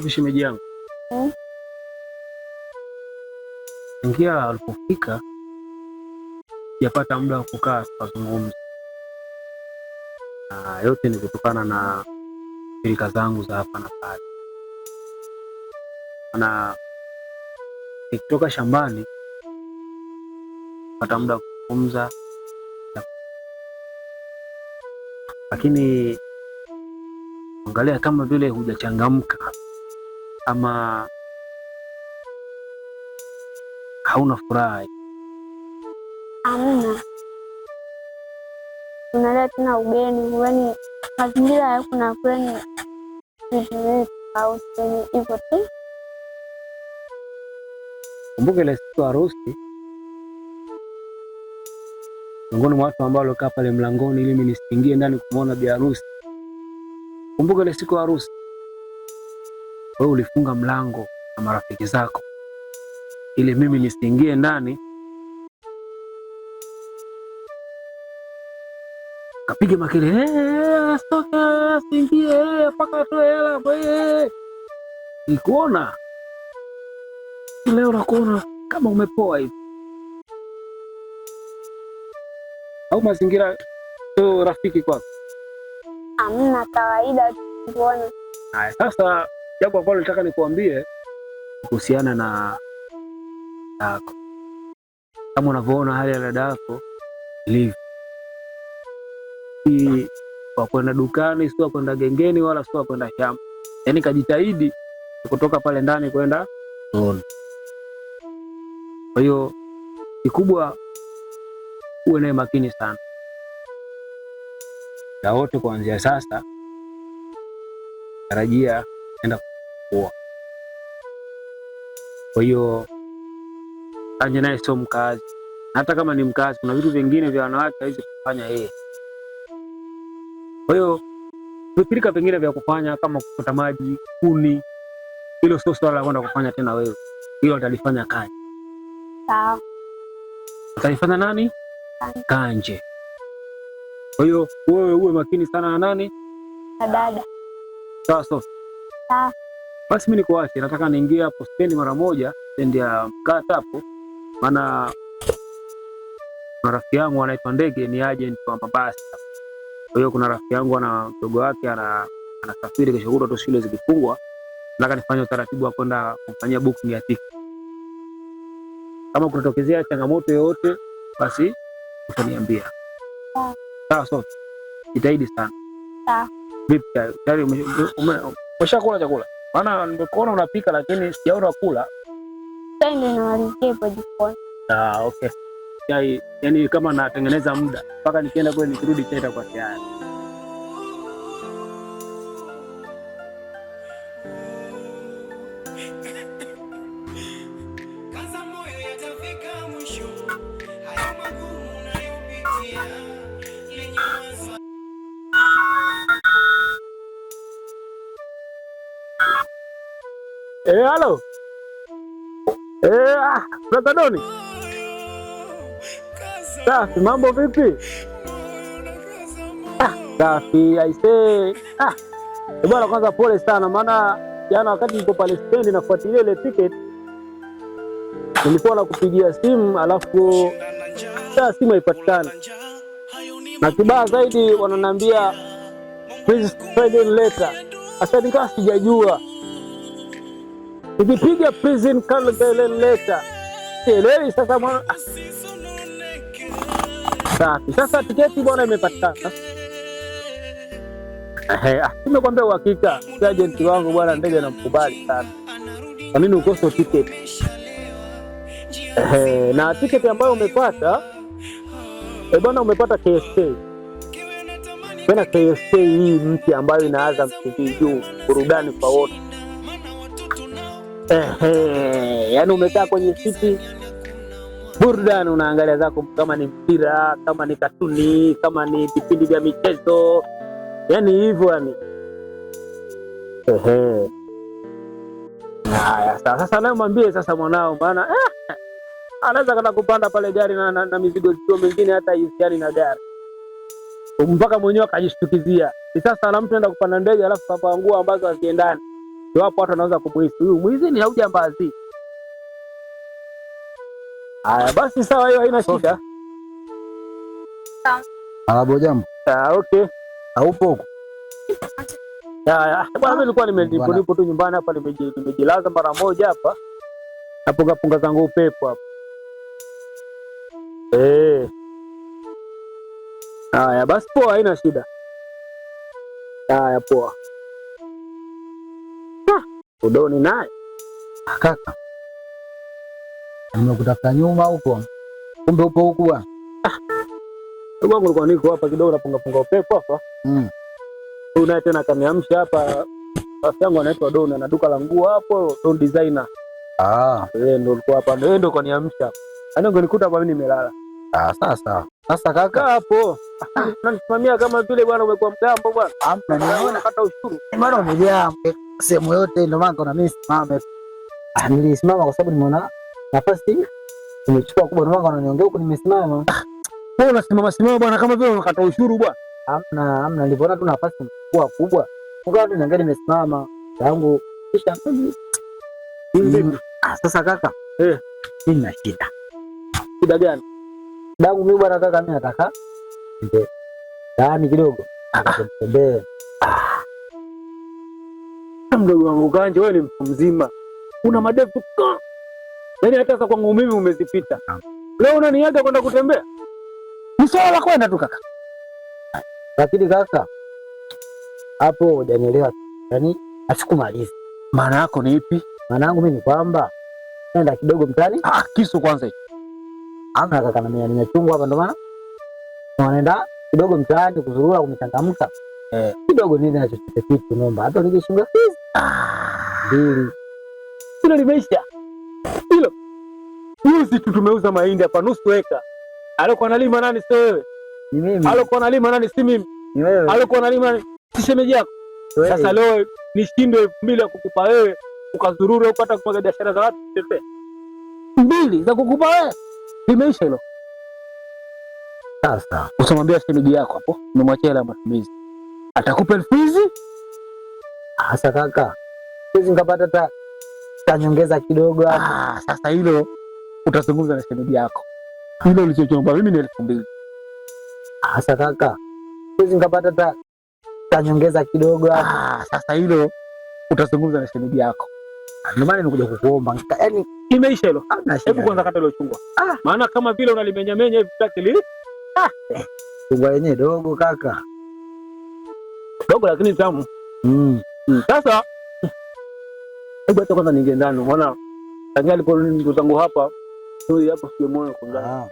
vishemeji yangu hmm. Ingia alipofika yapata muda wa kukaa tukazungumza, na yote ni kutokana na pilika zangu za hapa na pale, na nikitoka shambani pata muda wa kuzungumza, lakini angalia kama vile hujachangamka ama hauna furaha? Hamna, unalea tena ugeni uweni, yaani mazingira ya kuna kweni vitu vitu au seni hivyo tu. Kumbuka ile siku harusi, miongoni mwa watu ambao waliokaa pale mlangoni ili nisiingie ndani kumwona bi harusi. Kumbuka ile siku harusi wewe ulifunga mlango na marafiki zako ili mimi nisiingie ndani, kapiga makele asitoke, eh, eh, asiingie mpaka atoe hela. Eh, Nikuona leo, nakuona kama umepoa hivi, au mazingira rafiki kwako? Amna kawaida tuone. Haya sasa Jambo ambalo nataka nikuambie kuhusiana na yako, kama unavyoona hali ya dada yako ilivyo, si wa kwenda dukani, si wa kwenda gengeni, wala si wa kwenda shamba. Yaani kajitahidi kutoka pale ndani kwenda zoni. Kwa hiyo kikubwa uwe naye makini sana na wote kuanzia sasa, tarajia enda kuoa. Kwa hiyo Anje naye sio mkazi, hata kama ni mkazi, kuna vitu vingine vya wanawake hawezi kufanya yeye. Kwa hiyo vipirika vingine vya kufanya kama kukuta maji, kuni, hilo sio swala la kwenda kufanya tena wewe, hilo atalifanya Kanje. Sawa, atalifanya nani? Kanje. Kwa hiyo wewe uwe makini sana na nani na dada. Sawa sawa. Sawa. Basi mi niko wache, nataka niingie hapo stendi mara moja, stendi ya Mkata hapo, maana kuna rafiki yangu anaitwa Ndege, ni agent wa mabasi. Kwa hiyo kuna rafiki yangu ana mdogo wake anasafiri kesho kutwa tu, shule zikifungwa, nataka nifanye utaratibu wa kwenda kumfanyia booking ya tiketi. Kama kunatokezea changamoto yoyote, basi utaniambia. Sawa so jitahidi sana. Vipi, tayari umeshakula chakula? Maana nimekuona unapika lakini sijaona kula. Ah, okay. Chai, yani kama natengeneza muda mpaka nikienda kule nikirudi chai itakuwa tayari. Eh, halo. Eh, ah, brother Doni. Safi, mambo vipi? Ah, safi, aisee. Ah. Eh, bwana kwanza pole sana maana jana wakati niko pale stendi nafuatilia ile ticket nilikuwa nakupigia simu alafu saa simu haipatikani, na kibaya zaidi wananiambia please try letter. Asa nikawa sijajua Ukipiga prison kaleleta elewi. Sasa mwana safi. Sasa tiketi bwana imepatikana. Ah, nimekwambia uhakika, ajenti wangu bwana, ndege namkubali sana. Kwa nini ukose tiketi? Na tiketi ambayo umepata e bwana, umepata KSK tena, KSK hii mpya ambayo inaanza msingi juu, burudani kwa wote yaani umekaa kwenye siti burdan unaangalia zako, kama ni mpira, kama ni katuni, kama ni vipindi vya michezo, yaani hivyo yani. Haya, sasa sasa naye mwambie sasa mwanao, maana eh, anaweza kana kupanda pale gari na, na, na mizigo zito mingine hata isiani na gari mpaka mwenyewe akajishtukizia. Sasa na mtu anaenda kupanda ndege alafu kapaangua ambazo haziendani ndio hapo watu wanaanza kumuhisi huyu mwizi au jambazi. Haya basi, sawa, hiyo haina shida. Alabo jambo. Ah, okay. Haupo huko. Ah, ah, bwana, mimi nilikuwa nipo tu nyumbani hapa, nimejilaza mara moja hapa. Napunga punga zangu upepo hapa. Eh. Haya basi, poa, haina shida. Haya, poa. Udoni naye ah, kaka, nimekutafuta nyuma huko, kumbe upo huku bwana. Wangu ah. nilikuwa niko hapa kidogo napunga punga upepo hapa. Mm. Huyu naye tena kaniamsha hapa. Rafiki yangu anaitwa Doni, ana duka la nguo hapo, ton designer. Ah. Yeye ndo alikuwa hapa, yeye ndo kaniamsha. Ana yaani ngonikuta hapa mimi nimelala. Ah, sawa sawa. Sasa kaka hapo. Ah, unanisimamia kama vile bwana umekuwa mgambo bwana. Hamna, niona kata ushuru. Bwana umejaa sehemu yote, ndio maana kuna mimi simame. Ah, nilisimama kwa sababu nimeona nafasi nimechukua kubwa, ndio maana ananiongea huko nimesimama. Ah, wewe unasimama simama bwana, kama vile unakata ushuru bwana. Hamna, hamna, nilipoona tu nafasi kubwa kubwa, ngoja tu niangalie, nimesimama yangu kisha mm, mm. Mm. Ah, sasa kaka, eh, mimi na shida. Shida gani? Dangu mimi bwana kaka, mimi nataka ndio. ndani kidogo akatembea Ah mdogo wangu Kanje, wewe ni mtu mzima, una madevu yaani hata sasa kwangu mimi umezipita. Leo unaniaga kwenda kutembea, ni swala la kwenda tu kaka. Lakini sasa hapo hujanielewa, yaani asikumalize Maana yako ni ipi? Maana yangu mimi ni kwamba nenda kidogo mtani. Ah, kisu kwanza hicho amna kaka, na mimi yaani nimechungwa hapa, ndo maana naenda kidogo mtani kuzurura kumchangamka eh, kidogo nini nachochote kitu nomba hata nikishinda fees mbili, hilo limeisha hilo. Juzi tu tumeuza mahindi hapa nusu eka. Alikuwa analima nani? Sio wewe? Ni mimi. Alikuwa analima nani? Si mimi. Ni wewe. Alikuwa analima nani? Si shemeji yako. Sasa leo nishindwe elfu mbili ya kukupa wewe ukazurura huko hata kumwaga biashara za watu tetea. Mbili za kukupa wewe. Limeisha hilo. Sasa usimwambia shemeji yako hapo, umemwachia la matumizi. Atakupa elfu hizi sasa kaka, siwezi nikapata hata tanyongeza kidogo Ah, sasa hilo utazungumza na shemeji yako, hilo ulichochomba mimi ni elfu mbili. Sasa kaka, siwezi nikapata hata tanyongeza kidogo Ah, sasa hilo utazungumza na shemeji yako. Ndio maana nikuja kukuomba, yaani imeisha hilo. Hebu kwanza kata hilo chungwa, ah. maana kama vile unalimenya-menya hivi Ah. Chungwa yenyewe dogo kaka, dogo lakini tamu. Mm. Sasa hebu hata kwanza ningeendana, maana tangia alipo ndugu zangu hapa hapa sio moyo kundani